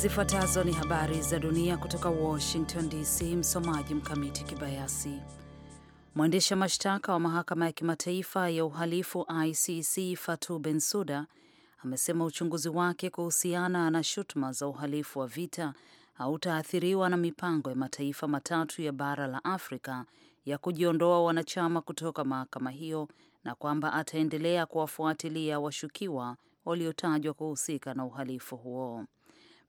Zifuatazo ni habari za dunia kutoka Washington DC. Msomaji Mkamiti Kibayasi. Mwendesha mashtaka wa mahakama ya kimataifa ya uhalifu ICC Fatou Bensouda amesema uchunguzi wake kuhusiana na shutuma za uhalifu wa vita hautaathiriwa na mipango ya mataifa matatu ya bara la Afrika ya kujiondoa wanachama kutoka mahakama hiyo na kwamba ataendelea kuwafuatilia washukiwa waliotajwa kuhusika na uhalifu huo.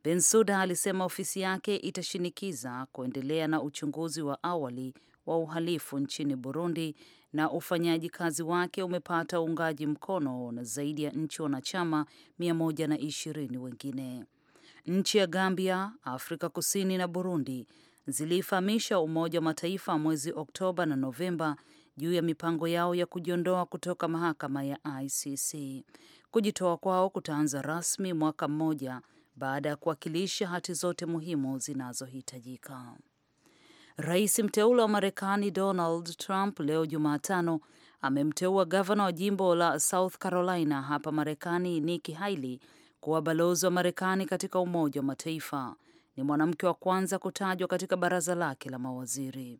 Bensuda alisema ofisi yake itashinikiza kuendelea na uchunguzi wa awali wa uhalifu nchini Burundi na ufanyaji kazi wake umepata uungaji mkono na zaidi ya nchi wanachama 120 wengine. Nchi ya Gambia, Afrika Kusini na Burundi ziliifahamisha Umoja wa Mataifa mwezi Oktoba na Novemba juu ya mipango yao ya kujiondoa kutoka mahakama ya ICC. Kujitoa kwao kutaanza rasmi mwaka mmoja baada ya kuwakilisha hati zote muhimu zinazohitajika. Rais mteule wa Marekani Donald Trump leo Jumatano amemteua gavana wa jimbo la South Carolina hapa Marekani Nikki Haley kuwa balozi wa Marekani katika Umoja wa Mataifa. Ni mwanamke wa kwanza kutajwa katika baraza lake la mawaziri.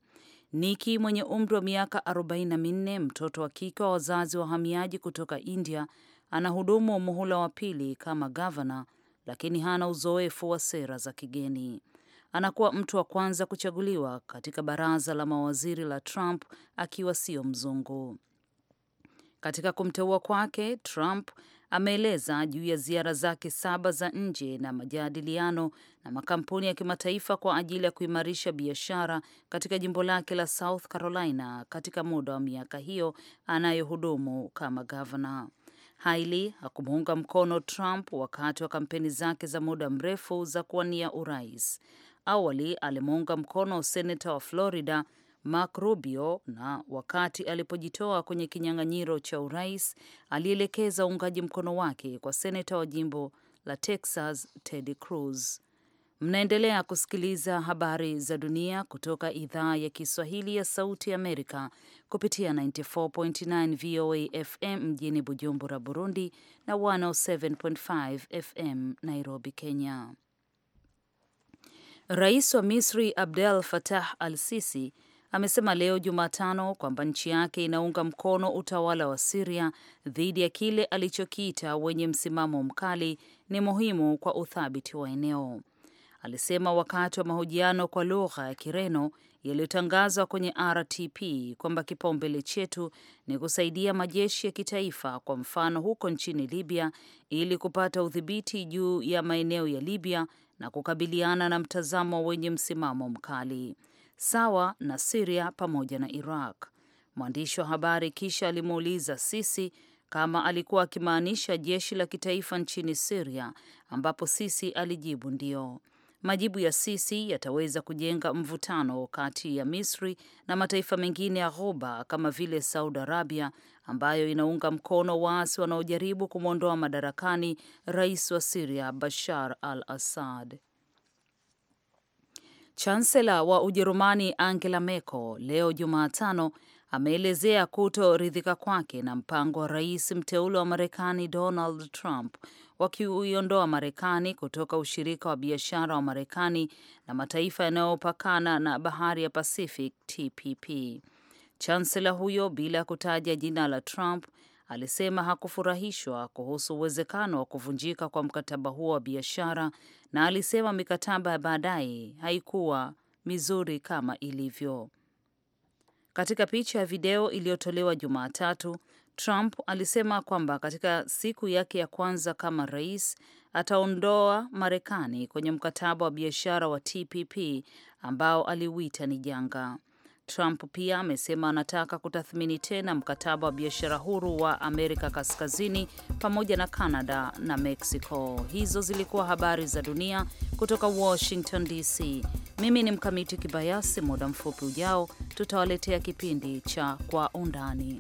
Nikki mwenye umri wa miaka 44, mtoto wa kike wa wazazi wa wahamiaji kutoka India, anahudumu muhula wa pili kama gavana lakini hana uzoefu wa sera za kigeni. Anakuwa mtu wa kwanza kuchaguliwa katika baraza la mawaziri la Trump akiwa sio mzungu. Katika kumteua kwake, Trump ameeleza juu ya ziara zake saba za nje na majadiliano na makampuni ya kimataifa kwa ajili ya kuimarisha biashara katika jimbo lake la South Carolina katika muda wa miaka hiyo anayohudumu kama gavana. Hailey hakumuunga mkono Trump wakati wa kampeni zake za muda mrefu za kuwania urais. Awali alimuunga mkono senata wa Florida Mark Rubio, na wakati alipojitoa kwenye kinyang'anyiro cha urais alielekeza uungaji mkono wake kwa senata wa jimbo la Texas Ted Cruz. Mnaendelea kusikiliza habari za dunia kutoka idhaa ya Kiswahili ya Sauti Amerika kupitia 94.9 VOA FM mjini Bujumbura, Burundi na 107.5 FM Nairobi, Kenya. Rais wa Misri Abdel Fattah al-Sisi amesema leo Jumatano kwamba nchi yake inaunga mkono utawala wa Siria dhidi ya kile alichokiita wenye msimamo mkali ni muhimu kwa uthabiti wa eneo alisema wakati wa mahojiano kwa lugha ya Kireno yaliyotangazwa kwenye RTP kwamba kipaumbele chetu ni kusaidia majeshi ya kitaifa, kwa mfano huko nchini Libya, ili kupata udhibiti juu ya maeneo ya Libya na kukabiliana na mtazamo wenye msimamo mkali sawa na Siria pamoja na Iraq. Mwandishi wa habari kisha alimuuliza Sisi kama alikuwa akimaanisha jeshi la kitaifa nchini Siria, ambapo Sisi alijibu ndio majibu ya Sisi yataweza kujenga mvutano kati ya Misri na mataifa mengine ya Ghuba kama vile Saudi Arabia ambayo inaunga mkono waasi wanaojaribu kumwondoa madarakani rais wa Siria Bashar al-Assad. Chansela wa Ujerumani Angela Merkel leo Jumatano ameelezea kutoridhika kwake na mpango wa rais mteule wa Marekani Donald Trump wakiuiondoa Marekani kutoka ushirika wa biashara wa Marekani na mataifa yanayopakana na bahari ya Pacific, TPP. Chansela huyo bila ya kutaja jina la Trump alisema hakufurahishwa kuhusu uwezekano wa kuvunjika kwa mkataba huo wa biashara, na alisema mikataba ya baadaye haikuwa mizuri kama ilivyo. Katika picha ya video iliyotolewa Jumatatu, Trump alisema kwamba katika siku yake ya kwanza kama rais ataondoa Marekani kwenye mkataba wa biashara wa TPP ambao aliuita ni janga. Trump pia amesema anataka kutathmini tena mkataba wa biashara huru wa Amerika Kaskazini pamoja na Canada na Mexico. Hizo zilikuwa habari za dunia kutoka Washington DC. Mimi ni Mkamiti Kibayasi. Muda mfupi ujao tutawaletea kipindi cha Kwa Undani.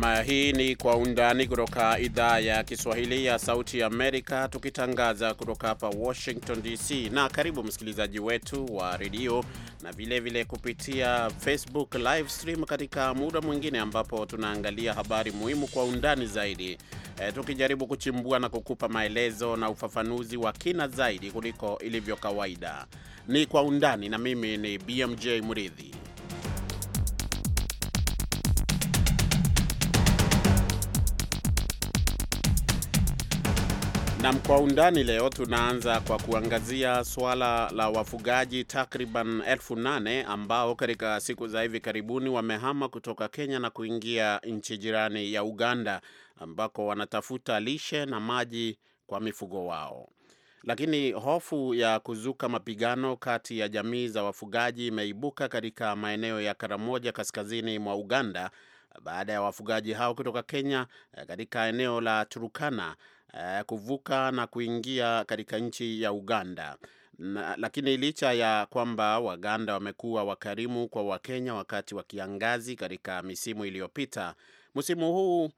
Naam, hii ni Kwa Undani kutoka idhaa ya Kiswahili ya Sauti ya Amerika, tukitangaza kutoka hapa Washington DC. Na karibu msikilizaji wetu wa redio na vilevile vile kupitia Facebook live stream katika muda mwingine ambapo tunaangalia habari muhimu kwa undani zaidi, e, tukijaribu kuchimbua na kukupa maelezo na ufafanuzi wa kina zaidi kuliko ilivyo kawaida. Ni Kwa Undani na mimi ni BMJ Muridhi. Nam kwa undani leo tunaanza kwa kuangazia suala la wafugaji takriban elfu nane ambao katika siku za hivi karibuni wamehama kutoka Kenya na kuingia nchi jirani ya Uganda ambako wanatafuta lishe na maji kwa mifugo wao. Lakini hofu ya kuzuka mapigano kati ya jamii za wafugaji imeibuka katika maeneo ya Karamoja kaskazini mwa Uganda baada ya wafugaji hao kutoka Kenya eh, katika eneo la Turukana eh, kuvuka na kuingia katika nchi ya Uganda na, lakini licha ya kwamba Waganda wamekuwa wakarimu kwa Wakenya wakati wa kiangazi katika misimu iliyopita, msimu huu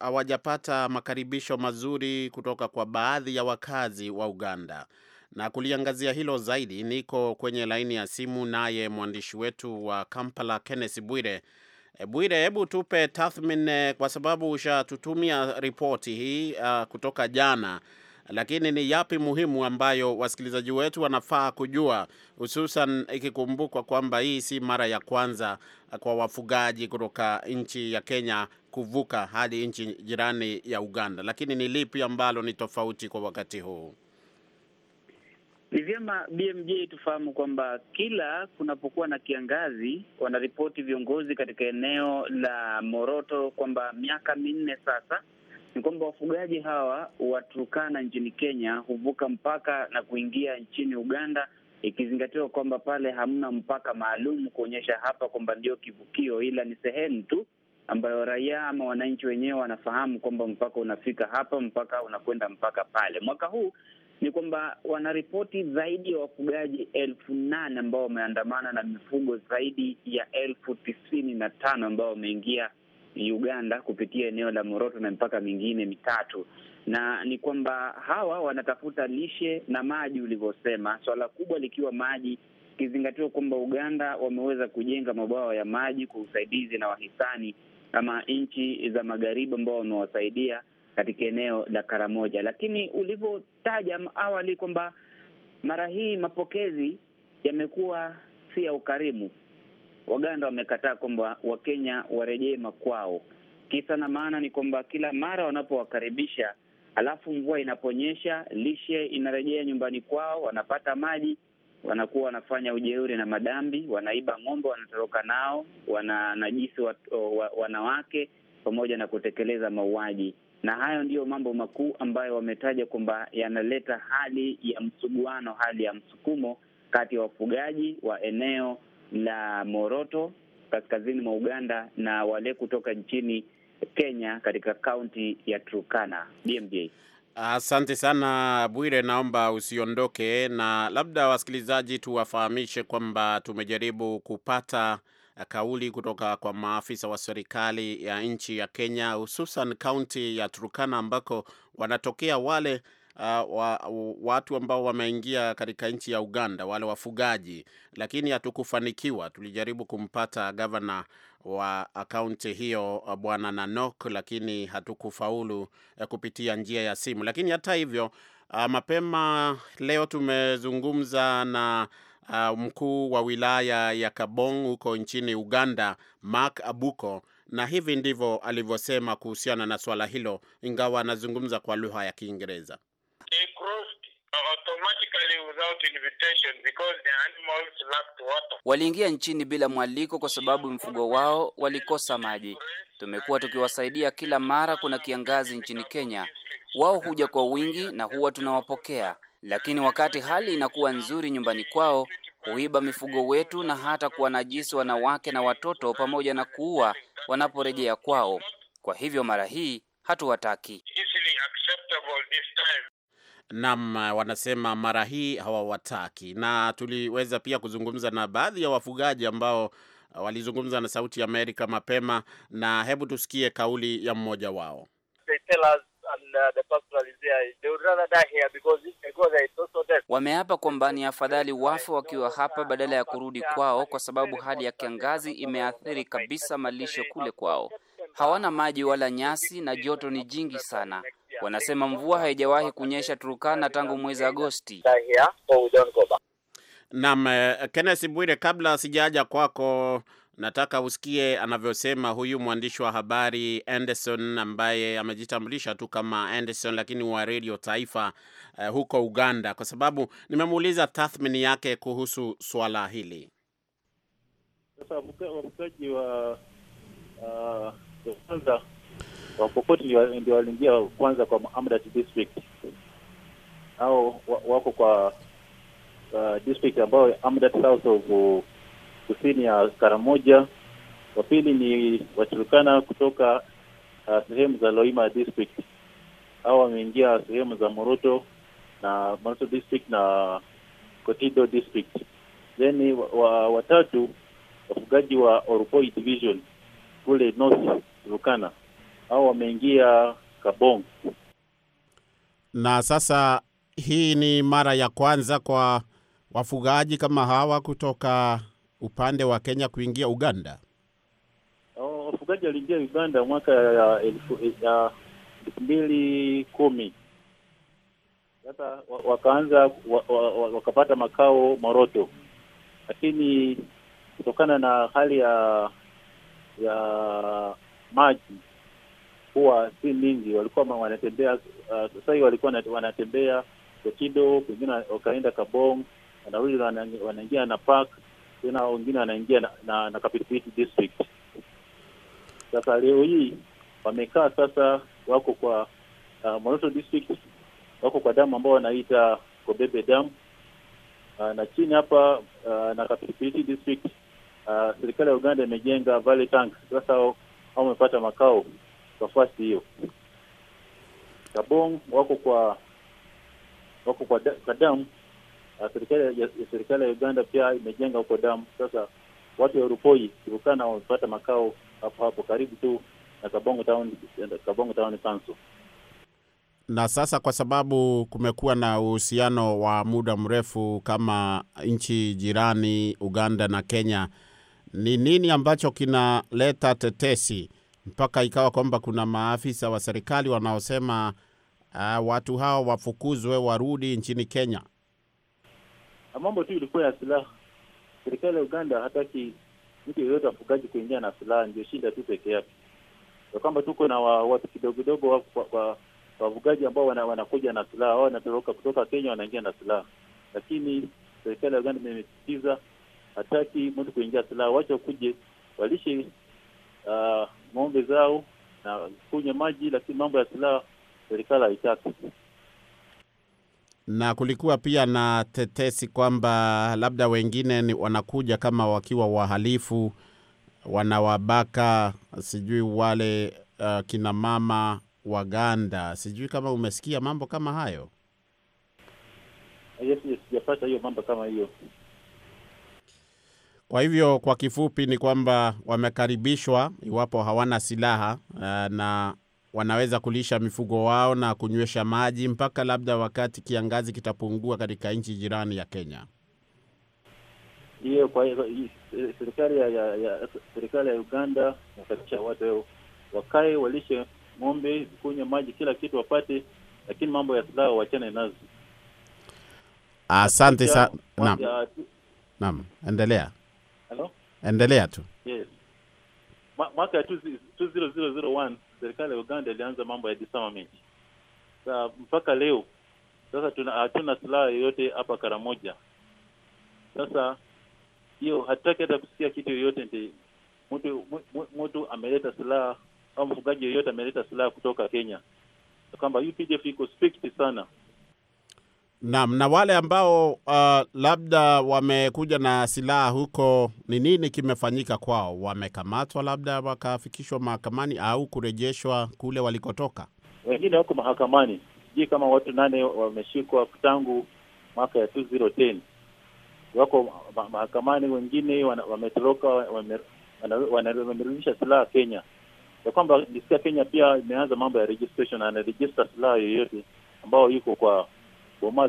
hawajapata makaribisho mazuri kutoka kwa baadhi ya wakazi wa Uganda. Na kuliangazia hilo zaidi, niko kwenye laini ya simu naye mwandishi wetu wa Kampala Kenneth Bwire Bwire, hebu tupe tathmini, eh, kwa sababu ushatutumia ripoti hii uh, kutoka jana, lakini ni yapi muhimu ambayo wasikilizaji wetu wanafaa kujua, hususan ikikumbukwa kwamba hii si mara ya kwanza ah, kwa wafugaji kutoka nchi ya Kenya kuvuka hadi nchi jirani ya Uganda, lakini ni lipi ambalo ni tofauti kwa wakati huu? Ni vyema BMJ tufahamu kwamba kila kunapokuwa na kiangazi, wanaripoti viongozi katika eneo la Moroto kwamba miaka minne sasa ni kwamba wafugaji hawa Waturkana nchini Kenya huvuka mpaka na kuingia nchini Uganda, ikizingatiwa kwamba pale hamna mpaka maalum kuonyesha hapa kwamba ndio kivukio, ila ni sehemu tu ambayo raia ama wananchi wenyewe wanafahamu kwamba mpaka unafika hapa, mpaka unakwenda mpaka pale. Mwaka huu ni kwamba wanaripoti zaidi ya wafugaji elfu nane ambao wameandamana na mifugo zaidi ya elfu tisini na tano ambao wameingia Uganda kupitia eneo la Moroto na mipaka mingine mitatu, na ni kwamba hawa wanatafuta lishe na maji, ulivyosema, swala kubwa likiwa maji, ikizingatiwa kwamba Uganda wameweza kujenga mabwawa ya maji kwa usaidizi na wahisani ama nchi za magharibi ambao wamewasaidia katika eneo la Karamoja. Lakini ulivyotaja awali kwamba mara hii mapokezi yamekuwa si ya ukarimu, Waganda wamekataa kwamba Wakenya warejee makwao. Kisa na maana ni kwamba kila mara wanapowakaribisha, alafu mvua inaponyesha, lishe inarejea nyumbani kwao, wanapata maji wanakuwa wanafanya ujeuri na madambi, wanaiba ng'ombe, wanatoroka nao, wananajisi wanawake, pamoja na kutekeleza mauaji na hayo ndiyo mambo makuu ambayo wametaja kwamba yanaleta hali ya msuguano, hali ya msukumo kati ya wafugaji wa eneo la Moroto kaskazini mwa Uganda na wale kutoka nchini Kenya katika kaunti ya Turkana. BMJ. Asante sana Bwire, naomba usiondoke, na labda wasikilizaji tuwafahamishe kwamba tumejaribu kupata Eh, kauli kutoka kwa maafisa wa serikali ya nchi ya Kenya, hususan kaunti ya Turkana ambako wanatokea wale uh, wa, watu ambao wameingia katika nchi ya Uganda, wale wafugaji, lakini hatukufanikiwa. Tulijaribu kumpata gavana wa akaunti hiyo ah, Bwana Nanok, lakini hatukufaulu eh, kupitia njia ya simu. Lakini hata hivyo, uh, mapema leo tumezungumza na uh, mkuu wa wilaya ya Kabong huko nchini Uganda, Mark Abuko, na hivi ndivyo alivyosema kuhusiana na swala hilo, ingawa anazungumza kwa lugha ya Kiingereza. Waliingia nchini bila mwaliko kwa sababu mfugo wao walikosa maji. Tumekuwa tukiwasaidia kila mara kuna kiangazi nchini Kenya. Wao huja kwa wingi na huwa tunawapokea lakini wakati hali inakuwa nzuri nyumbani kwao huiba mifugo wetu na hata kuwanajisi wanawake na watoto pamoja na kuua wanaporejea kwao. Kwa hivyo mara hii hatuwataki. Naam, wanasema mara hii hawawataki. Na tuliweza pia kuzungumza na baadhi ya wafugaji ambao uh, walizungumza na Sauti ya Amerika mapema, na hebu tusikie kauli ya mmoja wao. They tell us Wameapa kwamba ni afadhali wafe wakiwa hapa badala ya kurudi kwao, kwa sababu hali ya kiangazi imeathiri kabisa malisho kule kwao. Hawana maji wala nyasi na joto ni jingi sana. Wanasema mvua haijawahi kunyesha turukana tangu mwezi Agosti. Naam, eh, Kenneth Bwire, kabla sijaja kwako Nataka usikie anavyosema huyu mwandishi wa habari Anderson ambaye amejitambulisha tu kama Anderson lakini wa redio Taifa uh, huko Uganda, kwa sababu nimemuuliza tathmini yake kuhusu swala hili. Sasa wavukaji wa ah, kwanza uh, wapokoti ndio waliingia kwanza kwa Amudat district au wako kwa ah, district ambayo Amdat south of kusini ya Karamoja, wa pili ni waturukana kutoka uh, sehemu za Loima district. Hawa wameingia sehemu za Moroto na Moroto district na Kotido district. Then watatu wa, wafugaji wa Oropoi division kule North Turkana, hao wameingia Kabong. Na sasa hii ni mara ya kwanza kwa wafugaji kama hawa kutoka upande wa Kenya kuingia Uganda? Oh, wafugaji waliingia Uganda mwaka ya elfu mbili kumi. Sasa wakaanza wakapata makao Moroto, lakini kutokana na hali ya ya maji huwa si mingi, walikuwa wanatembea uh, sasa walikuwa wanatembea Kotido, pengine wakaenda Kabong, wanarudi wanaingia na park tena wengine wanaingia na, na, na Kapilipiti district. Sasa leo hii wamekaa sasa, wako kwa uh, Moroto district, wako kwa damu ambao wanaita Kobebe damu uh, na chini hapa uh, na Kapilipiti district uh, serikali ya Uganda imejenga valley tank. Sasa au wamepata makao fasi hiyo. kabong wako kwa wako kwa, da, kwa damu serikali ya serikali ya Uganda pia imejenga huko damu. Sasa watu wa Rupoi Turukana wamepata makao hapo hapo karibu tu na Kabongo Town, Kabongo Town Council. Na sasa kwa sababu kumekuwa na uhusiano wa muda mrefu kama nchi jirani Uganda na Kenya, ni nini ambacho kinaleta tetesi mpaka ikawa kwamba kuna maafisa wa serikali wanaosema uh, watu hao wafukuzwe warudi nchini Kenya? mambo tu ilikuwa ya silaha. Serikali ya Uganda hataki mtu yeyote wafugaji kuingia na silaha, ndio shida tu peke yake, ya kwamba tuko na watu kidogo wafugaji ambao wanakuja na silaha au wanatoroka kutoka Kenya wanaingia na silaha, lakini serikali ya Uganda imesisitiza hataki mtu kuingia silaha, wacha kuje walishe ah, ng'ombe zao na kunywa maji, lakini mambo ya silaha serikali haitaki na kulikuwa pia na tetesi kwamba labda wengine wanakuja kama wakiwa wahalifu, wanawabaka sijui wale uh, kina mama Waganda. Sijui kama umesikia mambo kama hayo. Yes, yes, sijapata hiyo mambo kama hiyo. Kwa hivyo kwa kifupi ni kwamba wamekaribishwa iwapo hawana silaha uh, na wanaweza kulisha mifugo wao na kunywesha maji mpaka labda wakati kiangazi kitapungua katika nchi jirani ya Kenya. Hiyo kwa hiyo eh, serikali ya, ya, ya, serikali ya Uganda nakatisha watu wakae walishe ng'ombe, kunywa maji, kila kitu wapate, lakini mambo ya silaha wachane nazo. Asante sana. Naam, endelea. Hello? Endelea tu. Yes. Mwaka 2001 serikali ya Uganda ilianza mambo ya disarmament. Sa mpaka leo sasa tuna hatuna silaha yoyote hapa Karamoja. Sasa hiyo hataki hata kusikia kitu yoyote, nti mtu mtu ameleta silaha au mfugaji yoyote ameleta silaha kutoka Kenya, kwamba UPDF iko strict sana. Naam, na wale ambao uh, labda wamekuja na silaha huko, ni nini kimefanyika kwao? Wamekamatwa labda wakafikishwa mahakamani au kurejeshwa kule walikotoka? Wengine wako mahakamani, sijui kama watu nane wameshikwa tangu mwaka ya 2010 wako mahakamani, wengine wametoroka, wamerudisha silaha Kenya, ya kwamba nisikia Kenya pia imeanza mambo ya registration, anaregister silaha yoyote ambao yuko kwa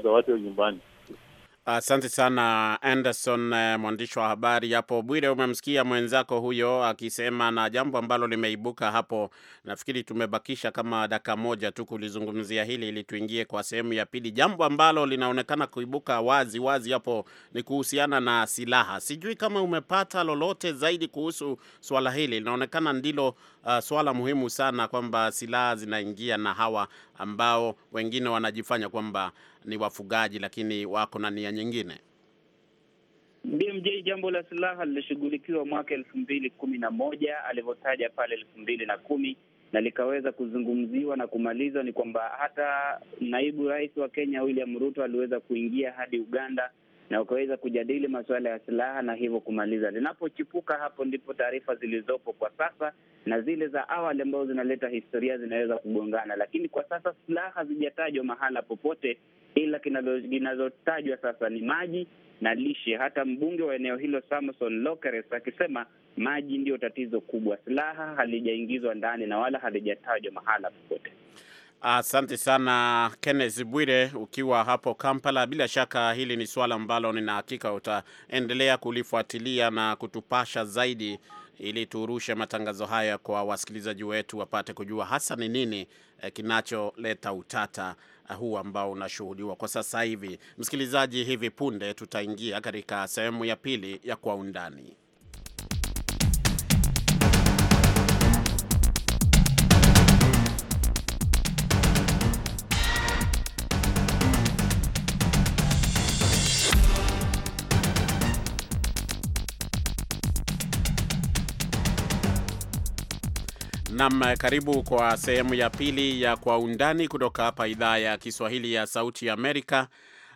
za watu nyumbani. Asante sana Anderson, uh, mwandishi wa habari hapo. Bwire, umemsikia mwenzako huyo akisema, na jambo ambalo limeibuka hapo, nafikiri tumebakisha kama dakika moja tu kulizungumzia hili ili tuingie kwa sehemu ya pili. Jambo ambalo linaonekana kuibuka wazi wazi hapo ni kuhusiana na silaha. Sijui kama umepata lolote zaidi kuhusu swala hili, linaonekana ndilo uh, swala muhimu sana kwamba silaha zinaingia na hawa ambao wengine wanajifanya kwamba ni wafugaji, lakini wako na nia nyingine. BMJ, jambo la silaha lilishughulikiwa mwaka elfu mbili kumi na moja alivyotaja pale elfu mbili na kumi na likaweza kuzungumziwa na kumalizwa, ni kwamba hata naibu rais wa Kenya William Ruto aliweza kuingia hadi Uganda na ukaweza kujadili masuala ya silaha na hivyo kumaliza linapochipuka. Hapo ndipo taarifa zilizopo kwa sasa na zile za awali ambazo zinaleta historia zinaweza kugongana, lakini kwa sasa silaha hazijatajwa mahala popote, ila kinazotajwa sasa ni maji na lishe. Hata mbunge wa eneo hilo Samson Lokeres akisema maji ndiyo tatizo kubwa, silaha halijaingizwa ndani na wala halijatajwa mahala popote. Asante sana Kenneth Bwire, ukiwa hapo Kampala. Bila shaka hili ni suala ambalo nina hakika utaendelea kulifuatilia na kutupasha zaidi, ili turushe matangazo haya kwa wasikilizaji wetu wapate kujua hasa ni nini eh, kinacholeta utata eh, huu ambao unashuhudiwa kwa sasa hivi. Msikilizaji, hivi punde tutaingia katika sehemu ya pili ya Kwa Undani. Nam, karibu kwa sehemu ya pili ya Kwa Undani kutoka hapa idhaa ya Kiswahili ya Sauti Amerika,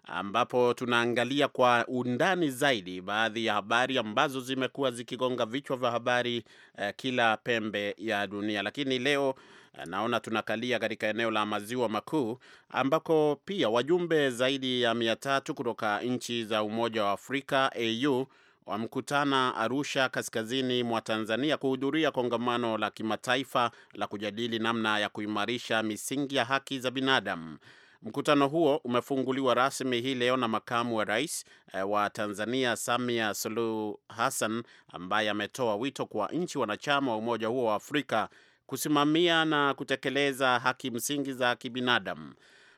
ambapo tunaangalia kwa undani zaidi baadhi ya habari ambazo zimekuwa zikigonga vichwa vya habari eh, kila pembe ya dunia. Lakini leo eh, naona tunakalia katika eneo la maziwa makuu ambako pia wajumbe zaidi ya mia tatu kutoka nchi za Umoja wa Afrika au wamekutana Arusha, kaskazini mwa Tanzania, kuhudhuria kongamano la kimataifa la kujadili namna ya kuimarisha misingi ya haki za binadamu. Mkutano huo umefunguliwa rasmi hii leo na makamu wa rais eh, wa Tanzania Samia Suluhu Hassan, ambaye ametoa wito kwa nchi wanachama wa umoja huo wa Afrika kusimamia na kutekeleza haki msingi za kibinadamu.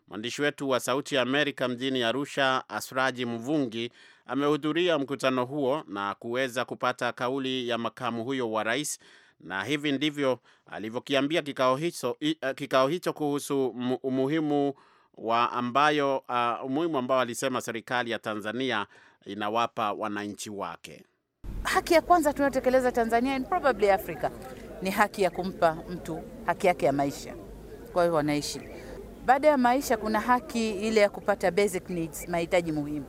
Mwandishi wetu wa Sauti ya Amerika mjini Arusha, Asraji Mvungi, amehudhuria mkutano huo na kuweza kupata kauli ya makamu huyo wa rais, na hivi ndivyo alivyokiambia kikao hicho, eh, kikao hicho kuhusu umuhimu wa ambayo uh, umuhimu ambao alisema serikali ya Tanzania inawapa wananchi wake. Haki ya kwanza tunayotekeleza Tanzania and probably Africa ni haki ya kumpa mtu haki yake ya maisha, kwa hiyo wanaishi baada ya maisha kuna haki ile ya kupata basic needs, mahitaji muhimu,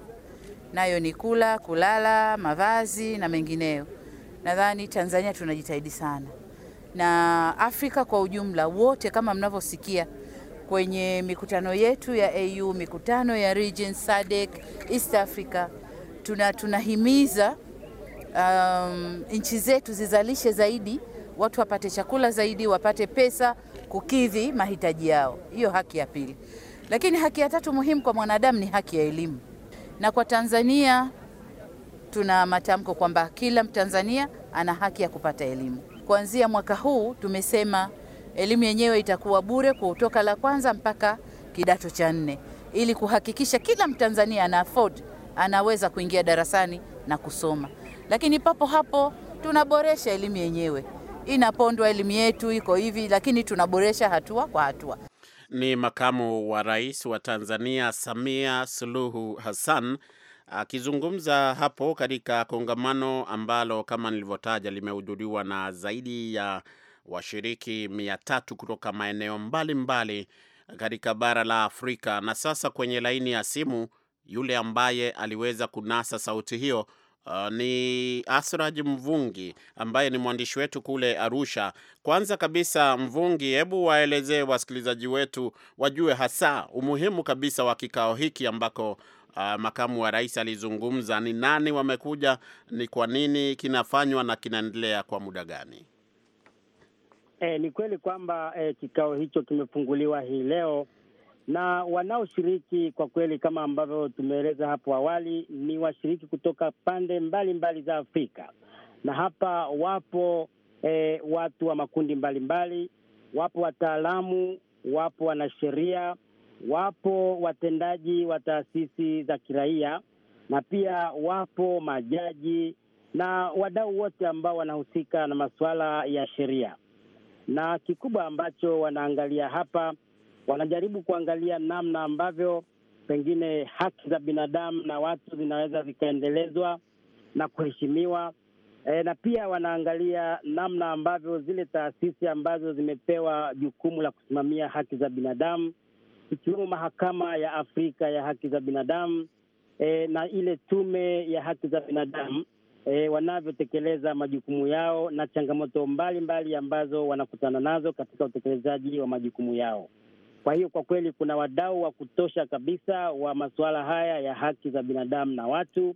nayo ni kula, kulala, mavazi na mengineyo. Nadhani Tanzania tunajitahidi sana na Afrika kwa ujumla wote, kama mnavyosikia kwenye mikutano yetu ya AU, mikutano ya region SADC, East Africa, tuna tunahimiza um, nchi zetu zizalishe zaidi, watu wapate chakula zaidi, wapate pesa kukidhi mahitaji yao. Hiyo haki ya pili. Lakini haki ya tatu muhimu kwa mwanadamu ni haki ya elimu, na kwa Tanzania tuna matamko kwamba kila Mtanzania ana haki ya kupata elimu. Kuanzia mwaka huu tumesema elimu yenyewe itakuwa bure kutoka la kwanza mpaka kidato cha nne ili kuhakikisha kila Mtanzania ana afford anaweza kuingia darasani na kusoma. Lakini papo hapo tunaboresha elimu yenyewe inapondwa, elimu yetu iko hivi, lakini tunaboresha hatua kwa hatua. Ni makamu wa rais wa Tanzania Samia Suluhu Hassan akizungumza hapo katika kongamano ambalo kama nilivyotaja limehudhuriwa na zaidi ya washiriki mia tatu kutoka maeneo mbalimbali katika bara la Afrika. Na sasa kwenye laini ya simu yule ambaye aliweza kunasa sauti hiyo Uh, ni Asraj Mvungi ambaye ni mwandishi wetu kule Arusha. Kwanza kabisa, Mvungi, hebu waelezee wasikilizaji wetu wajue hasa umuhimu kabisa wa kikao hiki ambako uh, makamu wa rais alizungumza. Ni nani wamekuja, ni kwa nini kinafanywa na kinaendelea kwa muda gani? Eh, ni kweli kwamba eh, kikao hicho kimefunguliwa hii leo na wanaoshiriki kwa kweli, kama ambavyo tumeeleza hapo awali, ni washiriki kutoka pande mbalimbali mbali za Afrika, na hapa wapo eh, watu wa makundi mbalimbali mbali, wapo wataalamu, wapo wanasheria, wapo watendaji wa taasisi za kiraia na pia wapo majaji na wadau wote ambao wanahusika na masuala ya sheria, na kikubwa ambacho wanaangalia hapa wanajaribu kuangalia namna ambavyo pengine haki za binadamu na watu zinaweza zikaendelezwa na kuheshimiwa. E, na pia wanaangalia namna ambavyo zile taasisi ambazo zimepewa jukumu la kusimamia haki za binadamu ikiwemo Mahakama ya Afrika ya haki za binadamu e, na ile tume ya haki za binadamu e, wanavyotekeleza majukumu yao na changamoto mbalimbali mbali ambazo wanakutana nazo katika utekelezaji wa majukumu yao. Kwa hiyo kwa kweli kuna wadau wa kutosha kabisa wa masuala haya ya haki za binadamu na watu,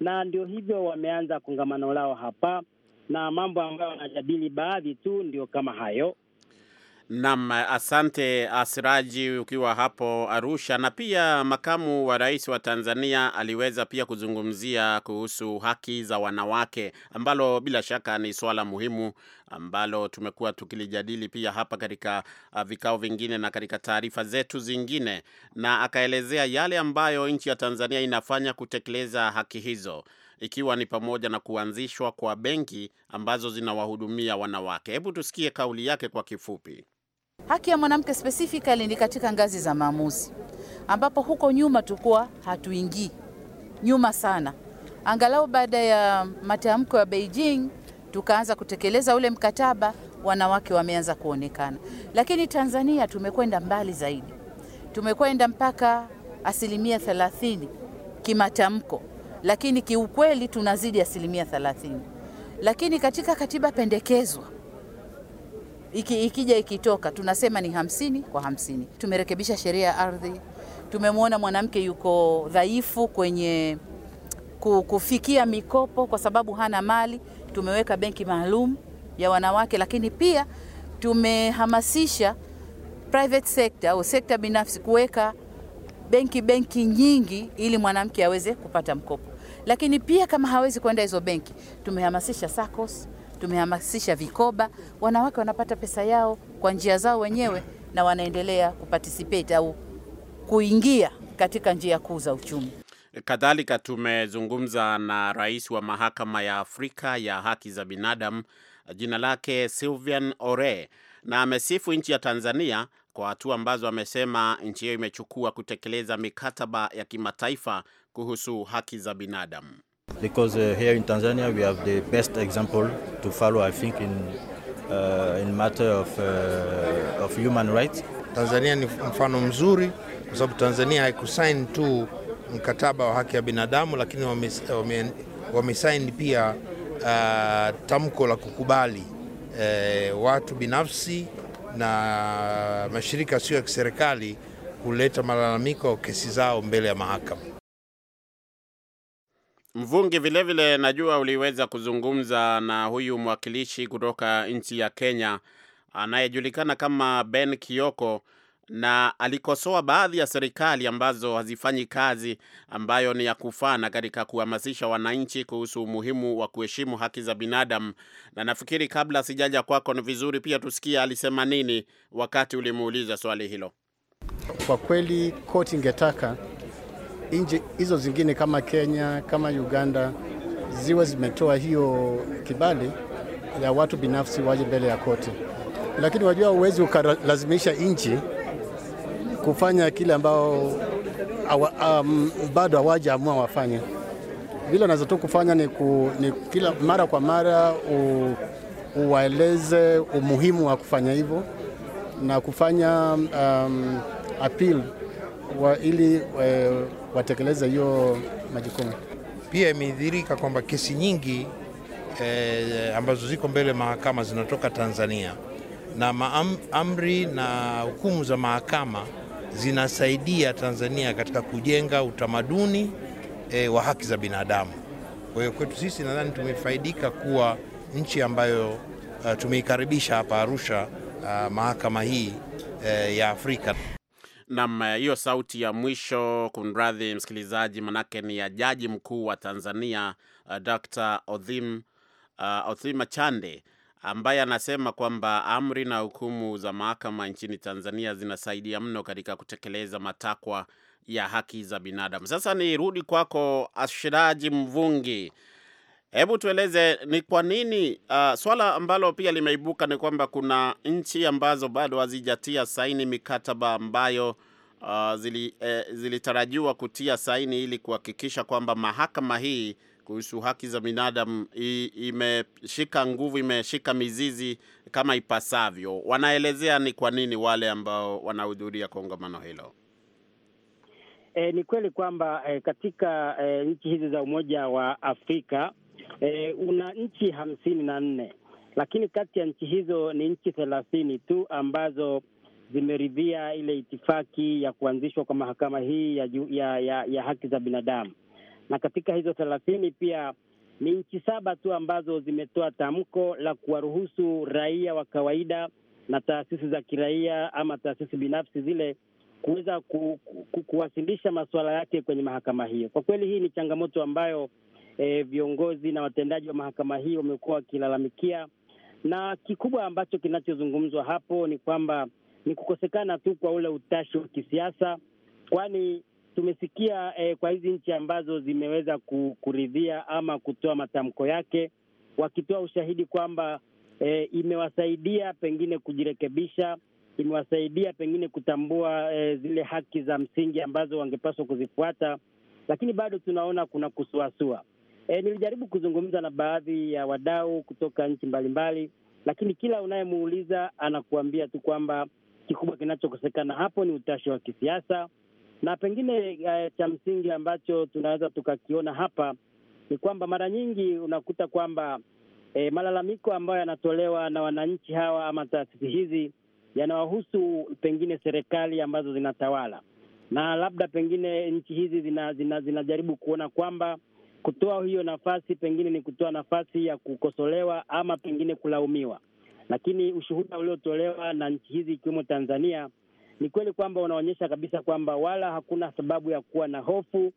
na ndio hivyo wameanza kongamano lao hapa, na mambo ambayo wanajadili baadhi tu ndio kama hayo nam asante Asiraji, ukiwa hapo Arusha. Na pia makamu wa rais wa Tanzania aliweza pia kuzungumzia kuhusu haki za wanawake, ambalo bila shaka ni swala muhimu ambalo tumekuwa tukilijadili pia hapa katika uh, vikao vingine na katika taarifa zetu zingine, na akaelezea yale ambayo nchi ya Tanzania inafanya kutekeleza haki hizo ikiwa ni pamoja na kuanzishwa kwa benki ambazo zinawahudumia wanawake. Hebu tusikie kauli yake kwa kifupi. Haki ya mwanamke specifically ni katika ngazi za maamuzi, ambapo huko nyuma tukuwa hatuingii nyuma sana. Angalau baada ya matamko ya Beijing tukaanza kutekeleza ule mkataba, wanawake wameanza kuonekana. Lakini Tanzania tumekwenda mbali zaidi, tumekwenda mpaka asilimia thelathini kimatamko, lakini kiukweli tunazidi asilimia thelathini. Lakini katika katiba pendekezwa iki, ikija ikitoka tunasema ni hamsini kwa hamsini. Tumerekebisha sheria ya ardhi, tumemwona mwanamke yuko dhaifu kwenye kufikia mikopo kwa sababu hana mali, tumeweka benki maalum ya wanawake, lakini pia tumehamasisha private sector au sekta binafsi kuweka benki benki nyingi ili mwanamke aweze kupata mkopo. Lakini pia kama hawezi kwenda hizo benki, tumehamasisha SACCOS tumehamasisha vikoba, wanawake wanapata pesa yao kwa njia zao wenyewe na wanaendelea kuparticipate au kuingia katika njia kuu za uchumi. Kadhalika tumezungumza na rais wa mahakama ya Afrika ya haki za binadamu, jina lake Sylvian Ore, na amesifu nchi ya Tanzania kwa hatua ambazo amesema nchi hiyo imechukua kutekeleza mikataba ya kimataifa kuhusu haki za binadamu because uh, here in Tanzania we have the best example to follow, I think, in, uh, in matter of, uh, of human rights. Tanzania ni mfano mzuri kwa sababu Tanzania haikusaini tu mkataba wa haki ya binadamu, lakini wamesaini wame, wame pia uh, tamko la kukubali uh, watu binafsi na mashirika yasiyo ya kiserikali kuleta malalamiko kesi zao mbele ya mahakama. Mvungi, vilevile najua uliweza kuzungumza na huyu mwakilishi kutoka nchi ya Kenya anayejulikana kama Ben Kioko na alikosoa baadhi ya serikali ambazo hazifanyi kazi ambayo ni ya kufana katika kuhamasisha wananchi kuhusu umuhimu wa kuheshimu haki za binadamu. Na nafikiri kabla sijaja kwako, ni vizuri pia tusikie alisema nini wakati ulimuuliza swali hilo. Kwa kweli koti ingetaka nchi hizo zingine kama Kenya, kama Uganda ziwe zimetoa hiyo kibali ya watu binafsi waje mbele ya koti. Lakini wajua, huwezi ukalazimisha nchi kufanya kile ambao awa, um, bado amua wafanye. Vile naweza tu kufanya ni, ku, ni kila mara kwa mara u, uwaeleze umuhimu wa kufanya hivyo na kufanya um, appeal wa ili uh, watekeleze hiyo majukumu. Pia imedhirika kwamba kesi nyingi eh, ambazo ziko mbele mahakama zinatoka Tanzania na amri na hukumu za mahakama zinasaidia Tanzania katika kujenga utamaduni e, wa haki za binadamu. Kwa hiyo kwetu sisi nadhani tumefaidika kuwa nchi ambayo uh, tumeikaribisha hapa Arusha uh, mahakama hii uh, ya Afrika. Nam, hiyo sauti ya mwisho, kunradhi msikilizaji, manake ni ya jaji mkuu wa Tanzania uh, Dr. Othim, uh, Othima Chande ambaye anasema kwamba amri na hukumu za mahakama nchini Tanzania zinasaidia mno katika kutekeleza matakwa ya haki za binadamu. Sasa nirudi kwako Ashiraji Mvungi. Hebu tueleze ni kwa nini uh, swala ambalo pia limeibuka ni kwamba kuna nchi ambazo bado hazijatia saini mikataba ambayo uh, zili, eh, zilitarajiwa kutia saini ili kuhakikisha kwamba mahakama hii kuhusu haki za binadamu imeshika nguvu, imeshika mizizi kama ipasavyo. Wanaelezea ni kwa nini wale ambao wanahudhuria kongamano hilo. E, ni kweli kwamba e, katika e, nchi hizi za Umoja wa Afrika e, una nchi hamsini na nne lakini kati ya nchi hizo ni nchi thelathini tu ambazo zimeridhia ile itifaki ya kuanzishwa kwa mahakama hii ya, ya, ya, ya haki za binadamu. Na katika hizo thelathini pia ni nchi saba tu ambazo zimetoa tamko la kuwaruhusu raia wa kawaida na taasisi za kiraia ama taasisi binafsi zile kuweza ku, ku, kuwasilisha masuala yake kwenye mahakama hiyo. Kwa kweli hii ni changamoto ambayo e, viongozi na watendaji wa mahakama hii wamekuwa wakilalamikia, na kikubwa ambacho kinachozungumzwa hapo ni kwamba ni kukosekana tu kwa ule utashi wa kisiasa, kwani tumesikia e, kwa hizi nchi ambazo zimeweza kuridhia ama kutoa matamko yake wakitoa ushahidi kwamba e, imewasaidia pengine kujirekebisha, imewasaidia pengine kutambua e, zile haki za msingi ambazo wangepaswa kuzifuata, lakini bado tunaona kuna kusuasua. E, nilijaribu kuzungumza na baadhi ya wadau kutoka nchi mbalimbali, lakini kila unayemuuliza anakuambia tu kwamba kikubwa kinachokosekana hapo ni utashi wa kisiasa, na pengine e, cha msingi ambacho tunaweza tukakiona hapa ni kwamba mara nyingi unakuta kwamba e, malalamiko ambayo yanatolewa na wananchi hawa ama taasisi hizi yanawahusu pengine serikali ambazo zinatawala, na labda pengine nchi hizi zinajaribu zina, zina kuona kwamba kutoa hiyo nafasi pengine ni kutoa nafasi ya kukosolewa ama pengine kulaumiwa, lakini ushuhuda uliotolewa na nchi hizi ikiwemo Tanzania ni kweli kwamba unaonyesha kabisa kwamba wala hakuna sababu ya kuwa na hofu,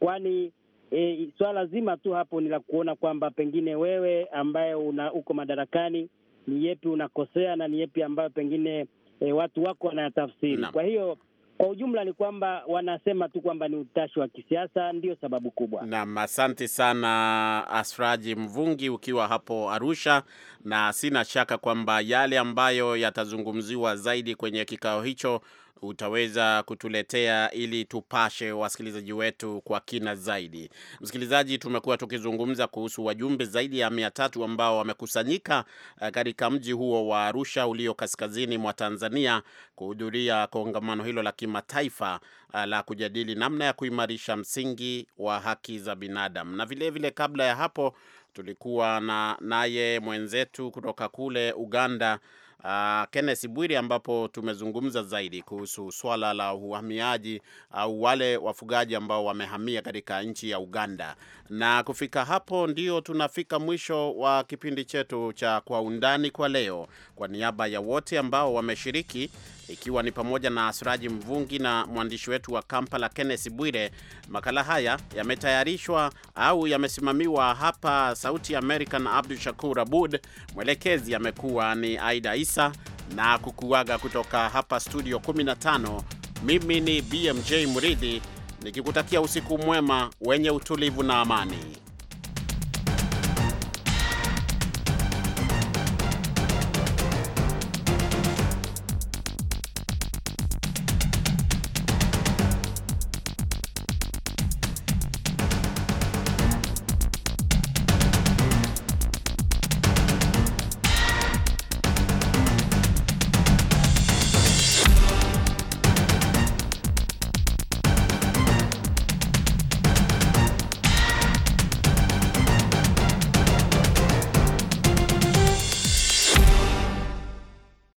kwani e, swala zima tu hapo ni la kuona kwamba pengine wewe ambaye una, uko madarakani ni yepi unakosea na ni yepi ambayo pengine e, watu wako wanayatafsiri. Kwa hiyo kwa ujumla ni kwamba wanasema tu kwamba ni utashi wa kisiasa, ndio sababu kubwa. Naam, asante sana Asraji Mvungi ukiwa hapo Arusha, na sina shaka kwamba yale ambayo yatazungumziwa zaidi kwenye kikao hicho utaweza kutuletea ili tupashe wasikilizaji wetu kwa kina zaidi. Msikilizaji, tumekuwa tukizungumza kuhusu wajumbe zaidi ya mia tatu ambao wamekusanyika eh, katika mji huo wa Arusha ulio kaskazini mwa Tanzania kuhudhuria kongamano hilo la kimataifa eh, la kujadili namna ya kuimarisha msingi wa haki za binadamu na vilevile vile, kabla ya hapo tulikuwa na naye mwenzetu kutoka kule Uganda uh, Kenneth Bwiri, ambapo tumezungumza zaidi kuhusu swala la uhamiaji au uh, wale wafugaji ambao wamehamia katika nchi ya Uganda. Na kufika hapo, ndio tunafika mwisho wa kipindi chetu cha Kwa Undani kwa leo. Kwa niaba ya wote ambao wameshiriki ikiwa ni pamoja na Suraji Mvungi na mwandishi wetu wa Kampala Kenneth Bwire. Makala haya yametayarishwa au yamesimamiwa hapa Sauti Amerika na Abdu Shakur Abud, mwelekezi amekuwa ni Aida Isa na kukuaga kutoka hapa studio 15. Mimi ni BMJ Muridhi nikikutakia usiku mwema wenye utulivu na amani.